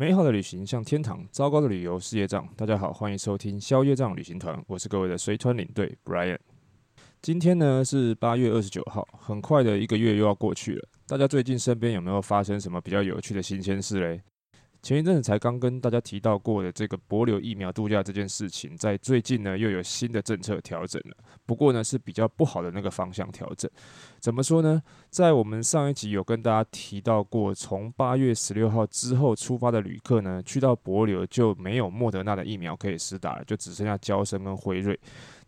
美好的旅行像天堂，糟糕的旅遊是業障。大家好，歡迎收聽消業障旅行團，我是各位的隨團領隊 Bryan。今天呢是八月二十九號，很快的一個月又要過去了。大家最近身邊有沒有發生什麼比較有趣的新鮮事嘞？前一陣子才剛跟大家提到過的這個帛琉疫苗度假這件事情，在最近呢又有新的政策調整了。不過呢是比較不好的那個方向調整。怎麼說呢？在我們上一集有跟大家提到過，從八月十六號之後出發的旅客呢，去到帛琉就沒有莫德納的疫苗可以施打了，就只剩下嬌生跟輝瑞。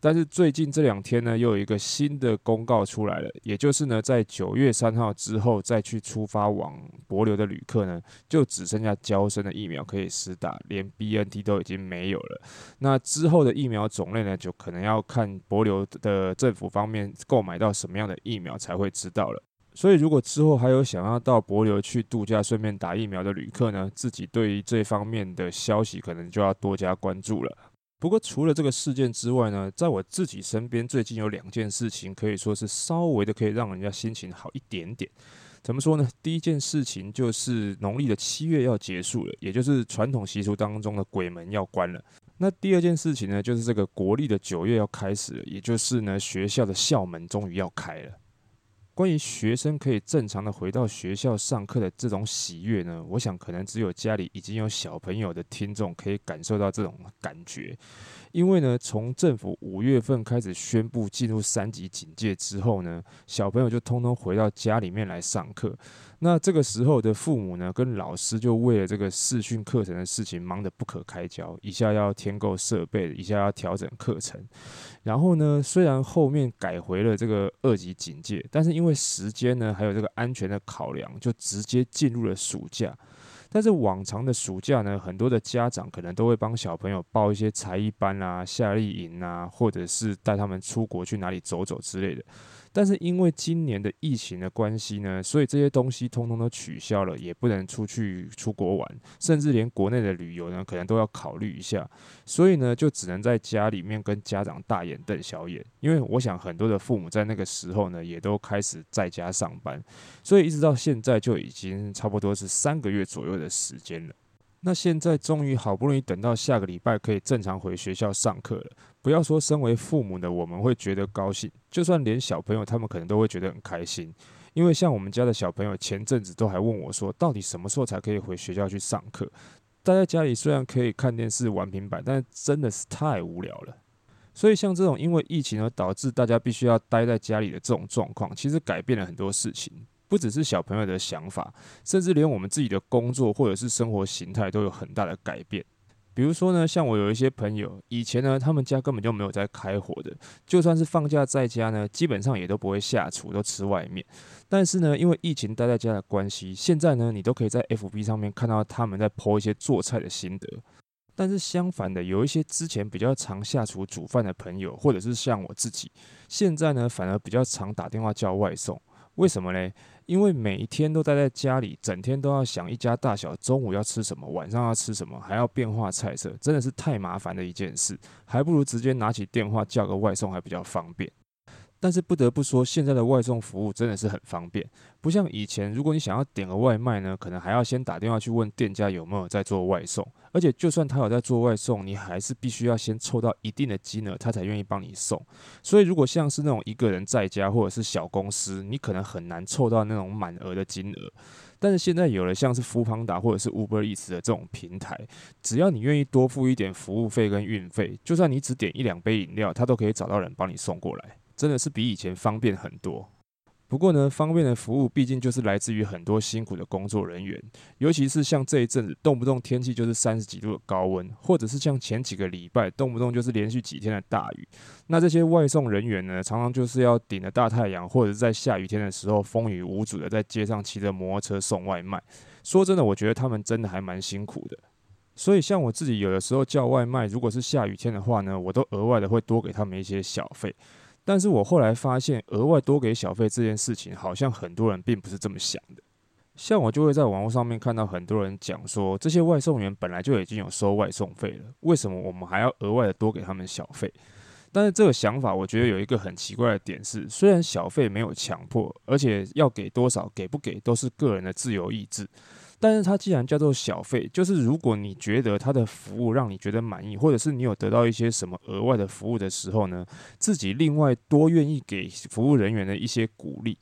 但是最近這兩天呢，又有一個新的公告出來了，也就是呢，在九月三號之後再去出發往帛琉的旅客呢，就只剩下嬌生的疫苗可以施打，連 BNT 都已經沒有了。那之後的疫苗種類呢，就可能要看帛琉的政府方面購買到什麼樣的疫苗才會知道了。所以，如果之後還有想要到帛琉去度假順便打疫苗的旅客呢，自己對於這方面的消息可能就要多加關注了。不過，除了這個事件之外呢，在我自己身邊最近有兩件事情，可以說是稍微的可以讓人家心情好一點點。怎麼說呢？第一件事情就是農曆的七月要結束了，也就是傳統習俗當中的鬼門要關了。那第二件事情呢，就是這個國曆的九月要開始了，也就是呢，學校的校門終於要開了。關於學生可以正常的回到學校上課的這種喜悅呢，我想可能只有家裡已經有小朋友的聽眾可以感受到這種感覺。因為呢，從政府五月份開始宣布進入三級警戒之後呢，小朋友就通通回到家裡面來上課。那這個時候的父母呢，跟老師就為了這個視訊課程的事情忙得不可開交，一下要添購設備，一下要調整課程。然後呢，雖然後面改回了這個二級警戒，但是因為時間呢，還有這個安全的考量，就直接進入了暑假。但是往常的暑假呢，很多的家長可能都會幫小朋友報一些才藝班啊、夏令營啊，或者是帶他們出國去哪裡走走之類的。但是因為今年的疫情的關係呢，所以這些東西通通都取消了，也不能出去出國玩，甚至連國內的旅遊呢，可能都要考慮一下。所以呢，就只能在家裡面跟家長大眼瞪小眼。因為我想很多的父母在那個時候呢，也都開始在家上班，所以一直到現在就已經差不多是三個月左右的時間了。那現在終於好不容易等到下個禮拜可以正常回學校上課了。不要說身為父母的我們會覺得高興，就算連小朋友他們可能都會覺得很開心。因為像我們家的小朋友，前陣子都還問我說，到底什麼時候才可以回學校去上課？待在家裡雖然可以看電視、玩平板，但是真的是太無聊了。所以像這種因為疫情而導致大家必須要待在家裡的這種狀況，其實改變了很多事情。不只是小朋友的想法，甚至連我們自己的工作或者是生活形態都有很大的改變。比如說呢，像我有一些朋友，以前呢他們家根本就沒有在開火的，就算是放假在家呢，基本上也都不會下廚，都吃外面。但是呢，因為疫情待在家的關係，現在呢你都可以在 FB 上面看到他們在 po 一些做菜的心得。但是相反的，有一些之前比較常下廚煮飯的朋友，或者是像我自己，現在呢反而比較常打電話叫外送。為什麼呢？因為每一天都待在家裡，整天都要想一家大小，中午要吃什麼，晚上要吃什麼，還要變化菜色，真的是太麻煩的一件事，還不如直接拿起電話叫個外送，還比較方便。但是不得不說，現在的外送服務真的是很方便，不像以前，如果你想要點個外賣呢，可能還要先打電話去問店家有沒有在做外送，而且就算他有在做外送，你還是必須要先湊到一定的金額，他才願意幫你送。所以如果像是那種一個人在家或者是小公司，你可能很難湊到那種滿額的金額。但是現在有了像是 Foodpanda 或者是 Uber Eats 的這種平台，只要你願意多付一點服務費跟運費，就算你只點一兩杯飲料，他都可以找到人幫你送過來。真的是比以前方便很多，不過呢，方便的服務畢竟就是來自於很多辛苦的工作人員，尤其是像這一陣子動不動天氣就是三十幾度的高溫，或者是像前幾個禮拜動不動就是連續幾天的大雨，那這些外送人員呢，常常就是要頂着大太陽，或者在下雨天的時候風雨無阻的在街上騎着摩托車送外賣。說真的，我覺得他們真的還蠻辛苦的，所以像我自己有的時候叫外賣，如果是下雨天的話呢，我都額外的會多給他們一些小費。但是我後來發現，額外多給小費這件事情，好像很多人並不是這麼想的。像我就會在網絡上面看到很多人講說，這些外送員本來就已經有收外送費了，為什麼我們還要額外的多給他們小費？但是這個想法，我覺得有一個很奇怪的點是，雖然小費沒有強迫，而且要給多少、給不給都是個人的自由意志。但是它既然叫做小費，就是如果你覺得它的服務讓你覺得滿意，或者是你有得到一些什麼額外的服務的時候呢，自己另外多願意給服務人員的一些鼓勵，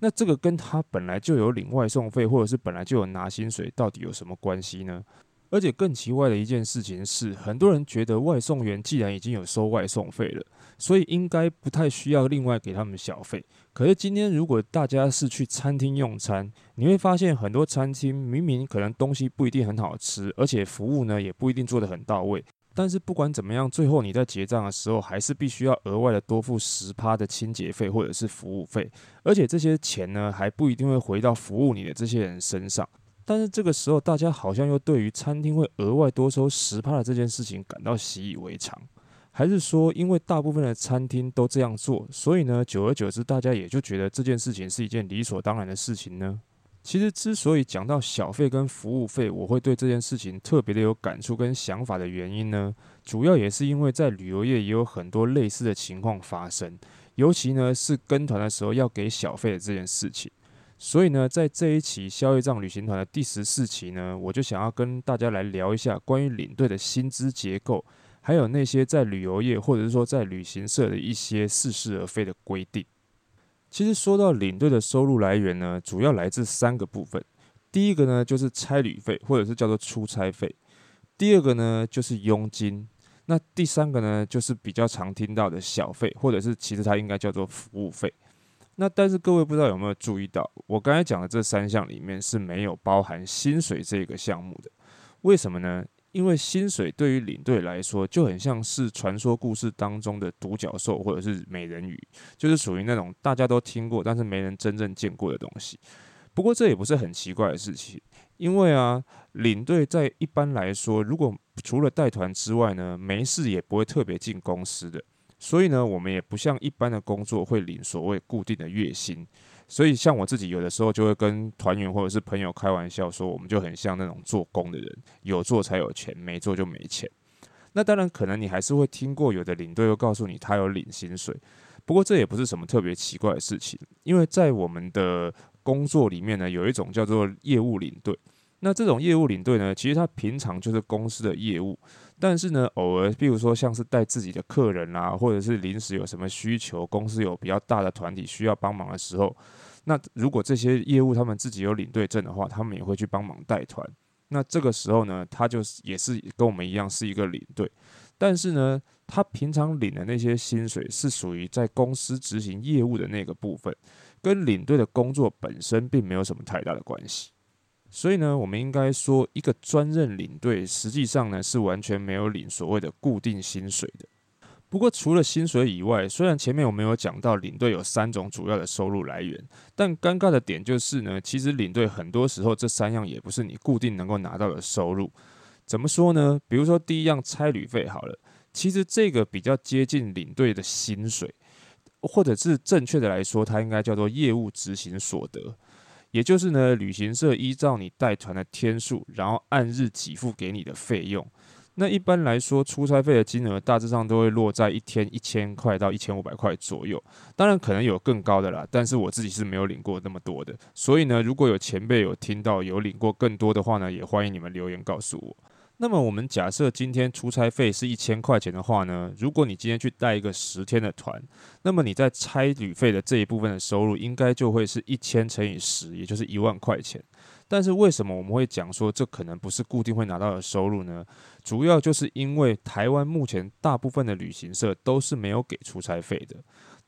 那這個跟他本來就有領外送費，或者是本來就有拿薪水，到底有什麼關係呢？而且更奇怪的一件事情是，很多人覺得外送員既然已經有收外送費了，所以應該不太需要另外給他們小費。可是今天如果大家是去餐廳用餐，你會發現很多餐廳明明可能東西不一定很好吃，而且服務呢也不一定做得很到位。但是不管怎麼樣，最後你在結賬的時候還是必須要額外的多付十趴的清潔費或者是服務費，而且這些錢呢還不一定會回到服務你的這些人身上。但是這個時候，大家好像又對於餐廳會額外多收十趴的這件事情感到習以為常，還是說因為大部分的餐廳都這樣做，所以呢，久而久之大家也就覺得這件事情是一件理所當然的事情呢？其實之所以講到小費跟服務費，我會對這件事情特別的有感觸跟想法的原因呢，主要也是因為在旅遊業也有很多類似的情況發生，尤其呢是跟團的時候要給小費的這件事情。所以呢，在這一期消業障旅行團的第十四期呢，我就想要跟大家來聊一下關於領隊的薪資結構，還有那些在旅遊業或者是說在旅行社的一些似是而非的規定。其實說到領隊的收入來源呢，主要來自三個部分。第一個呢，就是差旅費，或者是叫做出差費；第二個呢，就是佣金；那第三個呢，就是比較常聽到的小費，或者是其實它應該叫做服務費。那但是各位不知道有沒有注意到，我剛才講的這三項裡面是沒有包含薪水這個項目的，為什麼呢？因為薪水對於領隊來說就很像是傳說故事當中的獨角獸或者是美人魚，就是屬於那種大家都聽過，但是沒人真正見過的東西。不過這也不是很奇怪的事情，因為啊，領隊在一般來說，如果除了帶團之外呢，沒事也不會特別進公司的。所以呢，我們也不像一般的工作會領所謂固定的月薪，所以像我自己有的時候就會跟團員或者是朋友開玩笑說，我們就很像那種做工的人，有做才有錢，沒做就沒錢。那當然，可能你還是會聽過有的領隊會告訴你他有領薪水，不過這也不是什麼特別奇怪的事情，因為在我們的工作裡面呢，有一種叫做業務領隊，那這種業務領隊呢，其實他平常就是公司的業務。但是呢，偶爾，譬如說像是帶自己的客人啊，或者是臨時有什麼需求，公司有比較大的團體需要幫忙的時候，那如果這些業務他們自己有領隊證的話，他們也會去幫忙帶團。那這個時候呢，他就是也是跟我們一樣是一個領隊，但是呢，他平常領的那些薪水是屬於在公司執行業務的那個部分，跟領隊的工作本身並沒有什麼太大的關係。所以呢，我們應該說，一個專任領隊實際上呢是完全沒有領所謂的固定薪水的。不過除了薪水以外，雖然前面我們有講到領隊有三種主要的收入來源，但尷尬的點就是呢，其實領隊很多時候這三樣也不是你固定能夠拿到的收入。怎麼說呢？比如說第一樣差旅費好了，其實這個比較接近領隊的薪水，或者是正確的來說，它應該叫做業務執行所得。也就是呢，旅行社依照你帶團的天數，然後按日給付給你的費用。那一般來說，出差費的金額大致上都會落在一天一千塊到一千五百塊左右。當然，可能有更高的啦，但是我自己是沒有領過那麼多的。所以呢，如果有前輩有聽到有領過更多的話呢，也歡迎你們留言告訴我。那麼我們假設今天出差費是一千塊錢的話呢，如果你今天去帶一個十天的團，那麼你在差旅費的這一部分的收入應該就會是一千乘以十，也就是一萬塊錢。但是為什麼我們會講說，這可能不是固定會拿到的收入呢？主要就是因為台灣目前大部分的旅行社都是沒有給出差費的。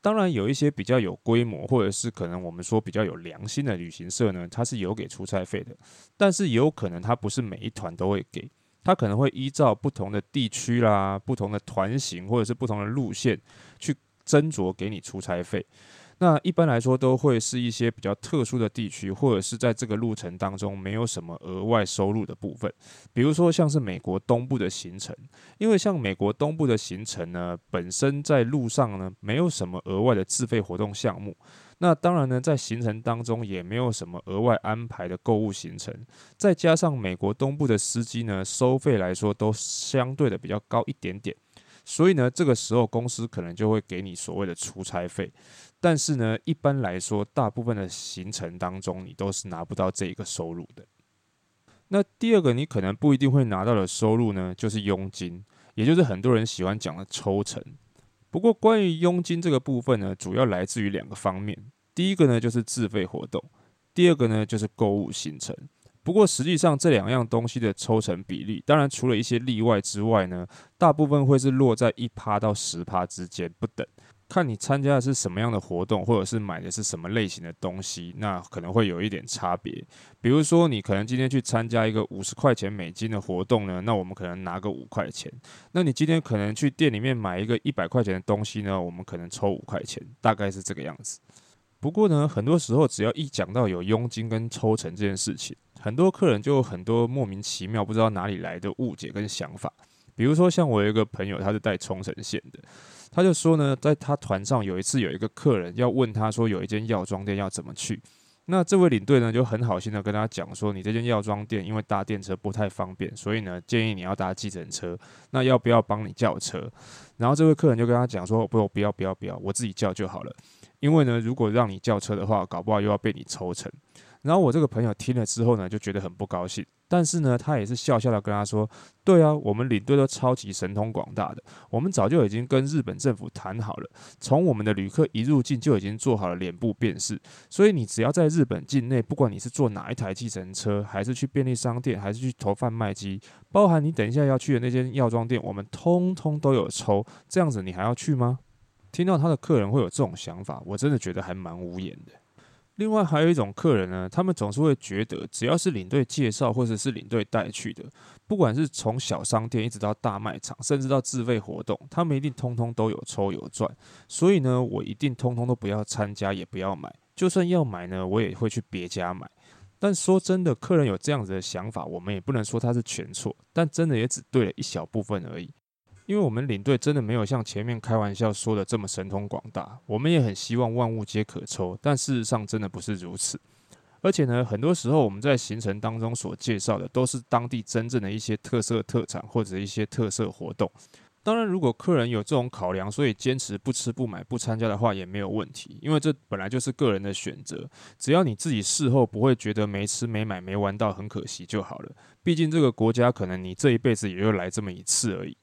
當然有一些比較有規模或者是可能我們說比較有良心的旅行社呢，它是有給出差費的，但是也有可能它不是每一團都會給。它可能會依照不同的地區啦、不同的團型或者是不同的路線去斟酌給你出差費。那一般來說都會是一些比較特殊的地區，或者是在這個路程當中沒有什麼額外收入的部分。比如說像是美國東部的行程，因為像美國東部的行程呢，本身在路上呢沒有什麼額外的自費活動項目。那當然呢，在行程當中也沒有什麼額外安排的購物行程，再加上美國東部的司機呢，收費來說都相對的比較高一點點，所以呢，這個時候公司可能就會給你所謂的出差費，但是呢，一般來說，大部分的行程當中，你都是拿不到這一個收入的。那第二個，你可能不一定會拿到的收入呢，就是佣金，也就是很多人喜歡講的抽成。不過，關於佣金這個部分呢，主要來自於兩個方面。第一個呢，就是自費活動，第二個呢，就是購物行程。不過，實際上這兩樣東西的抽成比例，當然除了一些例外之外呢，大部分會是落在一趴到十趴之間不等。看你參加的是什麼樣的活動，或者是買的是什麼類型的東西，那可能會有一點差別。比如說，你可能今天去參加一個五十塊錢美金的活動呢，那我們可能拿個五塊錢。那你今天可能去店裡面買一個一百塊錢的東西呢，我們可能抽五塊錢，大概是這個樣子。不過呢，很多時候只要一講到有佣金跟抽成這件事情，很多客人就有很多莫名其妙不知道哪裡來的誤解跟想法。比如說，像我有一個朋友，他是帶沖繩線的。他就說呢，在他團上有一次有一個客人要問他說，有一間藥妝店要怎麼去？那這位領隊呢就很好心的跟他講說，你這間藥妝店因為搭電車不太方便，所以呢建議你要搭計程車，那要不要幫你叫車？然後這位客人就跟他講說，不，不要，不要，不要，我自己叫就好了。因為呢，如果讓你叫車的話，搞不好又要被你抽成。然後我這個朋友聽了之後呢，就覺得很不高興。但是呢，他也是笑笑的跟他說：“對啊，我們領隊都超級神通廣大的，我們早就已經跟日本政府談好了，從我們的旅客一入境就已經做好了臉部辨識。所以你只要在日本境內，不管你是坐哪一台計程車，還是去便利商店，還是去投販賣機，包含你等一下要去的那間藥妝店，我們通通都有抽。這樣子你還要去嗎？”聽到他的客人會有這種想法，我真的覺得還蠻無言的。另外還有一種客人呢，他們總是會覺得，只要是領隊介紹或者是領隊帶去的，不管是從小商店一直到大賣場，甚至到自費活動，他們一定通通都有抽有賺。所以呢，我一定通通都不要參加，也不要買。就算要買呢，我也會去別家買。但說真的，客人有這樣子的想法，我們也不能說他是全錯，但真的也只對了一小部分而已。因為我們領隊真的沒有像前面開玩笑說的這麼神通廣大，我們也很希望萬物皆可抽，但事實上真的不是如此。而且呢，很多時候我們在行程當中所介紹的都是當地真正的一些特色特產或者一些特色活動。當然，如果客人有這種考量，所以堅持不吃不買不參加的話也沒有問題，因為這本來就是個人的選擇。只要你自己事後不會覺得沒吃沒買沒玩到很可惜就好了。畢竟這個國家可能你這一輩子也就來這麼一次而已。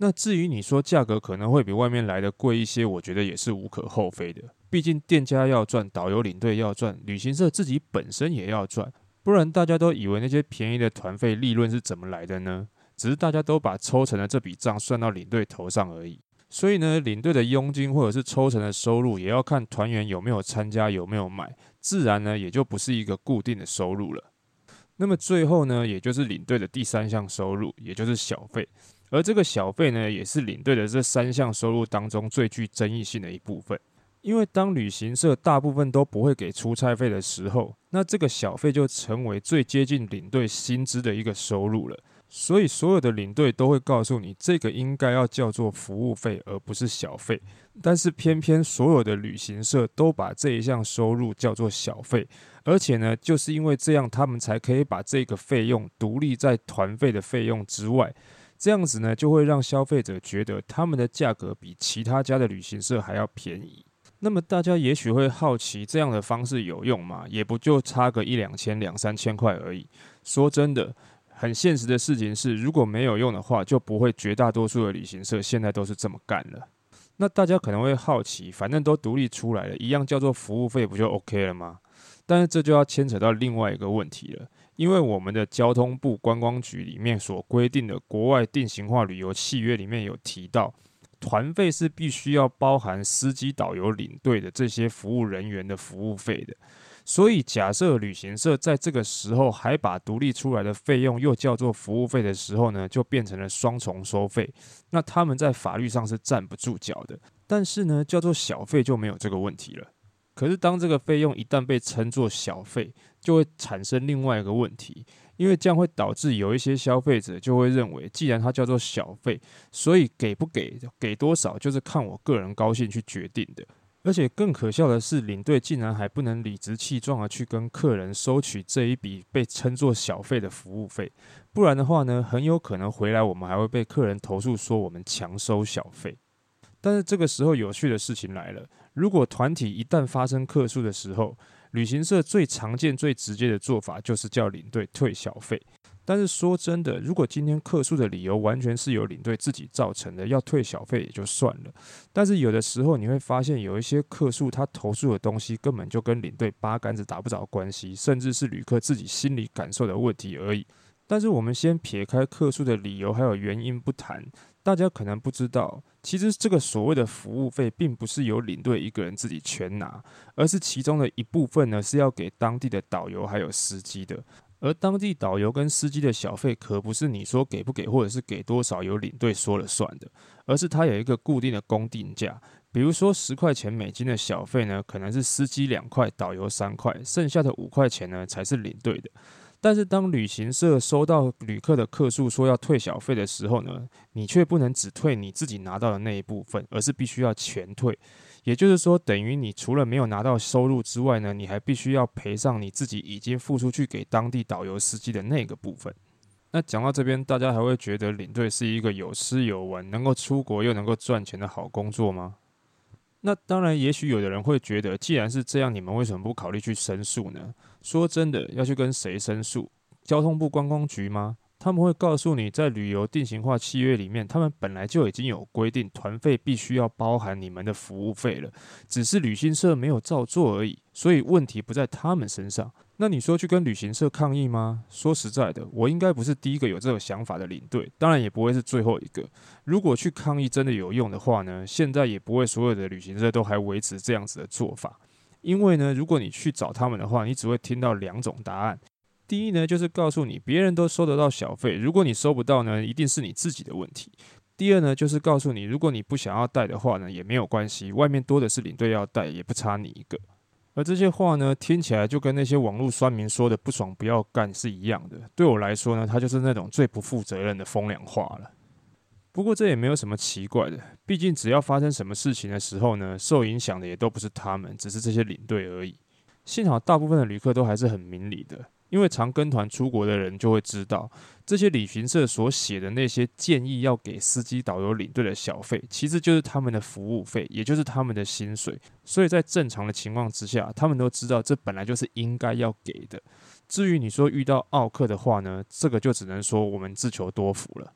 那至於你說價格可能會比外面來得貴一些，我覺得也是無可厚非的。畢竟店家要賺，導遊領隊要賺，旅行社自己本身也要賺，不然大家都以為那些便宜的團費利潤是怎麼來的呢？只是大家都把抽成的這筆賬算到領隊頭上而已。所以呢，領隊的佣金或者是抽成的收入也要看團員有沒有參加，有沒有買，自然呢，也就不是一個固定的收入了。那麼最後呢，也就是領隊的第三項收入，也就是小費。而這個小費呢，也是領隊的這三項收入當中最具爭議性的一部分。因為當旅行社大部分都不會給出差費的時候，那這個小費就成為最接近領隊薪資的一個收入了。所以，所有的領隊都會告訴你，這個應該要叫做服務費，而不是小費。但是，偏偏所有的旅行社都把這一項收入叫做小費，而且呢，就是因為這樣，他們才可以把這個費用獨立在團費的費用之外。這樣子呢，就會讓消費者覺得他們的價格比其他家的旅行社還要便宜。那麼，大家也許會好奇，這樣的方式有用嗎？也不就差個一兩千、兩三千塊而已。說真的。很現實的事情是，如果沒有用的話，就不會絕大多數的旅行社現在都是這麼幹了。那大家可能會好奇，反正都獨立出來了，一樣叫做服務費，不就 OK 了嗎？但是這就要牽扯到另外一個問題了，因為我們的交通部觀光局裡面所規定的國外定型化旅遊契約裡面有提到，團費是必須要包含司機、導遊、領隊的這些服務人員的服務費的。所以，假設旅行社在這個時候還把獨立出來的費用又叫做服務費的時候呢，就變成了雙重收費。那他們在法律上是站不住腳的。但是呢，叫做小費就沒有這個問題了。可是，當這個費用一旦被稱作小費，就會產生另外一個問題，因為這樣會導致有一些消費者就會認為，既然它叫做小費，所以給不給、給多少，就是看我個人高興去決定的。而且更可笑的是，領隊竟然還不能理直氣壯地去跟客人收取這一筆被稱作小費的服務費，不然的話呢，很有可能回來我們還會被客人投訴說我們強收小費。但是這個時候有趣的事情來了，如果團體一旦發生客訴的時候，旅行社最常見、最直接的做法就是叫領隊退小費。但是說真的，如果今天客訴的理由完全是由領隊自己造成的，要退小費也就算了。但是有的時候你會發現，有一些客訴他投訴的東西根本就跟領隊八竿子打不着關係，甚至是旅客自己心裡感受的問題而已。但是我們先撇開客訴的理由還有原因不談，大家可能不知道，其實這個所謂的服務費並不是由領隊一個人自己全拿，而是其中的一部分呢，是要給當地的導遊還有司機的。而當地導遊跟司機的小費可不是你說給不給，或者是給多少，由領隊說了算的，而是它有一個固定的公定價。比如說十塊錢美金的小費呢，可能是司機兩塊，導遊三塊，剩下的五塊錢呢才是領隊的。但是當旅行社收到旅客的客訴說要退小費的時候呢，你卻不能只退你自己拿到的那一部分，而是必須要全退。也就是說，等於你除了沒有拿到收入之外呢，你還必須要賠上你自己已經付出去給當地導遊、司機的那個部分。那講到這邊，大家還會覺得領隊是一個有吃有玩、能夠出國又能夠賺錢的好工作嗎？那當然，也許有的人會覺得，既然是這樣，你們為什麼不考慮去申訴呢？說真的，要去跟誰申訴？交通部觀光局嗎？他們會告訴你，在旅遊定型化契約裡面，他們本來就已經有規定，團費必須要包含你們的服務費了，只是旅行社沒有照做而已。所以問題不在他們身上。那你說去跟旅行社抗議嗎？說實在的，我應該不是第一個有這種想法的領隊，當然也不會是最後一個。如果去抗議真的有用的話呢，現在也不會所有的旅行社都還維持這樣子的做法。因為呢，如果你去找他們的話，你只會聽到兩種答案。第一呢，就是告訴你，別人都收得到小費，如果你收不到呢，一定是你自己的問題。第二呢，就是告訴你，如果你不想要帶的話呢，也沒有關係，外面多的是領隊要帶，也不差你一個。而這些話呢，聽起來就跟那些網絡酸民說的“不爽不要幹”是一樣的。對我來說呢，他就是那種最不負責任的風涼話了。不過這也沒有什麼奇怪的，畢竟只要發生什麼事情的時候呢，受影響的也都不是他們，只是這些領隊而已。幸好大部分的旅客都還是很明理的。因為常跟團出國的人就會知道，這些旅行社所寫的那些建議要給司機、導遊、領隊的小費，其實就是他們的服務費，也就是他們的薪水。所以在正常的情況之下，他們都知道這本來就是應該要給的。至於你說遇到奧客的話呢，這個就只能說我們自求多福了。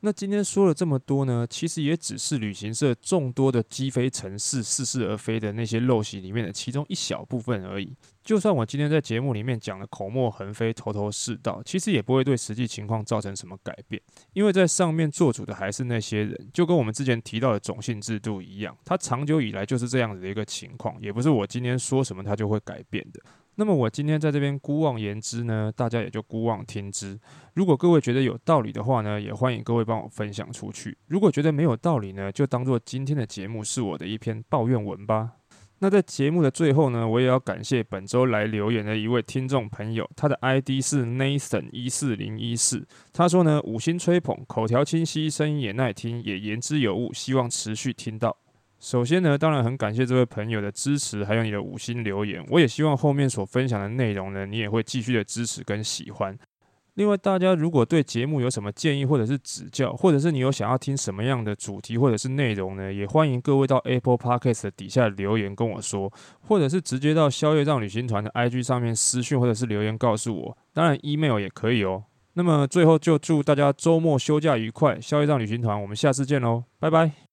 那今天說了這麼多呢，其實也只是旅行社眾多的積非成是、似是而非的那些陋習裡面的其中一小部分而已。就算我今天在節目裡面講的口沫橫飛、頭頭是道，其實也不會對實際情況造成什麼改變，因為在上面做主的還是那些人，就跟我們之前提到的種姓制度一樣，它長久以來就是這樣子的一個情況，也不是我今天說什麼它就會改變的。那麼我今天在這邊姑妄言之呢，大家也就姑妄聽之。如果各位覺得有道理的話呢，也歡迎各位幫我分享出去。如果覺得沒有道理呢，就當做今天的節目是我的一篇抱怨文吧。那在節目的最後呢，我也要感謝本周來留言的一位聽眾朋友，他的 ID 是 Nathan 一四零一四。他說呢，五星吹捧，口條清晰，聲音也耐聽，也言之有物，希望持續聽到。首先呢，當然很感謝這位朋友的支持，還有你的五星留言。我也希望後面所分享的內容呢，你也會繼續的支持跟喜歡。另外，大家如果對節目有什麼建議或者是指教，或者是你有想要聽什麼樣的主題或者是內容呢，也歡迎各位到 Apple Podcast 的底下留言跟我說，或者是直接到消業障旅行團的 IG 上面私訊或者是留言告訴我。當然，email 也可以喔。那麼最後就祝大家周末休假愉快，消業障旅行團，我們下次見嘍，拜拜。